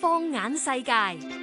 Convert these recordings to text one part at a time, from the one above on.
放眼世界。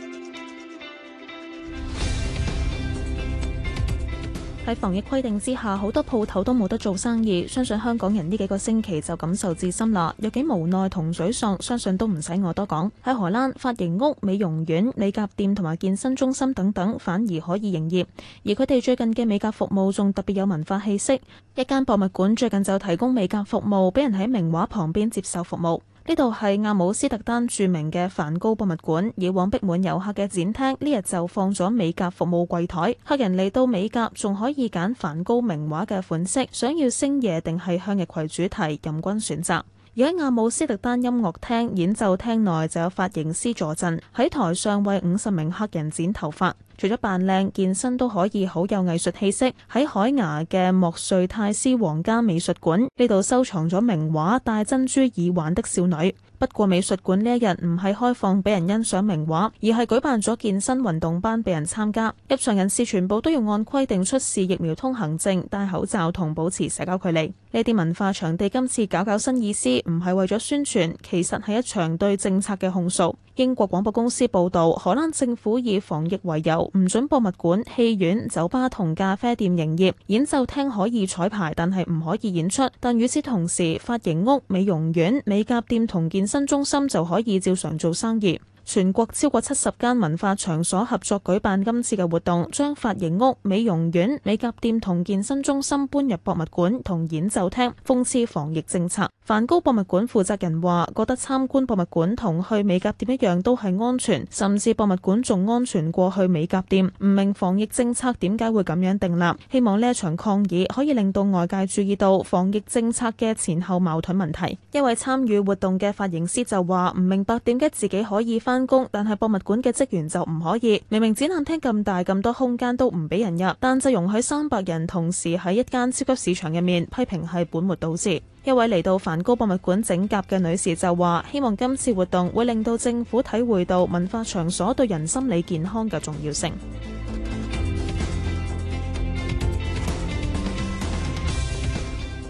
喺防疫規定之下，好多鋪頭都冇得做生意，相信香港人呢幾個星期就感受至深啦。有幾無奈同沮喪，相信都唔使我多講。喺荷蘭，髮型屋、美容院、美甲店同埋健身中心等等反而可以營業，而佢哋最近嘅美甲服務仲特別有文化氣息。一間博物館最近就提供美甲服務，俾人喺名畫旁邊接受服務。呢度係阿姆斯特丹著名嘅梵高博物館，以往逼滿遊客嘅展廳，呢日就放咗美甲服務櫃台。客人嚟到美甲，仲可以揀梵高名畫嘅款式，想要星夜定係向日葵主題，任君選擇。而喺阿姆斯特丹音樂廳演奏廳內，就有髮型師助陣，喺台上，為五十名客人剪頭髮。除咗扮靚健身都可以好有藝術氣息，喺海牙嘅莫瑞泰斯皇家美術館呢度收藏咗名畫《戴珍珠耳環的少女》。不過美術館呢一日唔係開放俾人欣賞名畫，而係舉辦咗健身運動班俾人參加。入場人士全部都要按規定出示疫苗通行證、戴口罩同保持社交距離。呢啲文化場地今次搞搞新意思，唔係為咗宣傳，其實係一場對政策嘅控訴。英國廣播公司報道，荷蘭政府以防疫為由，唔准博物館、戲院、酒吧同咖啡店營業，演奏廳可以彩排，但係唔可以演出。但與此同時，髮型屋、美容院、美甲店同健身中心就可以照常做生意。全國超過七十間文化場所合作舉辦今次嘅活動，將髮型屋、美容院、美甲店同健身中心搬入博物館同演奏廳，諷刺防疫政策。梵高博物館負責人話：覺得參觀博物館同去美甲店一樣都係安全，甚至博物館仲安全過去美甲店。唔明防疫政策點解會咁樣定立，希望呢一場抗議可以令到外界注意到防疫政策嘅前後矛盾問題。一位參與活動嘅髮型師就話：唔明白點解自己可以翻。但係博物館嘅職員就唔可以。明明展覽廳咁大咁多空間都唔俾人入，但就容許三百人同時喺一間超級市場入面，批評係本末倒置。一位嚟到梵高博物館整甲嘅女士就話，希望今次活動會令到政府體會到文化場所對人心理健康嘅重要性。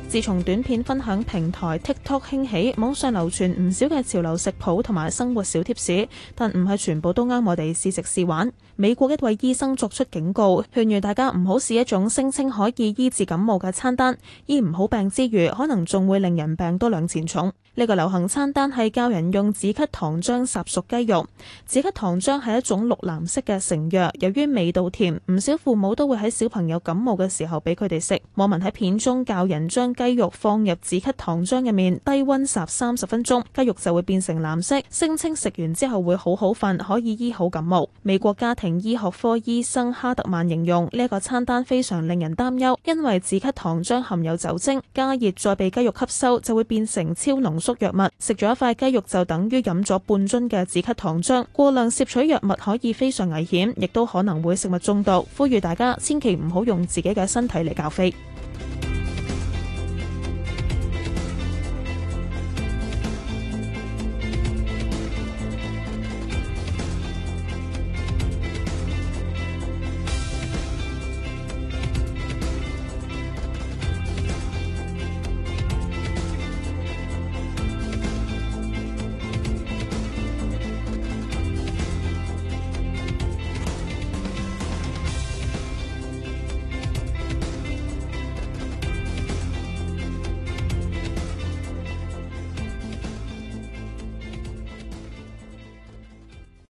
自從短片分享平台 TikTok 興起，網上流傳唔少嘅潮流食譜同埋生活小貼士，但唔係全部都啱我哋試食試玩。美國一位醫生作出警告，勸喻大家唔好試一種聲稱可以醫治感冒嘅餐單，醫唔好病之餘，可能仲會令人病多兩錢重。呢個流行餐單係教人用止咳糖漿烚熟雞肉。止咳糖漿係一種綠藍色嘅成藥，由於味道甜，唔少父母都會喺小朋友感冒嘅時候俾佢哋食。網民喺片中教人將雞肉放入止咳糖漿入面，低溫烚三十分鐘，雞肉就會變成藍色，聲稱食完之後會好好瞓，可以醫好感冒。美國家庭醫學科醫生哈特曼形容呢個餐單非常令人擔憂，因為止咳糖漿含有酒精，加熱再被雞肉吸收就會變成超濃藥物，食咗一塊雞肉就等於飲咗半樽嘅止咳糖漿，過量攝取藥物可以非常危險，亦都可能會食物中毒。呼籲大家千祈唔好用自己嘅身體嚟較飛。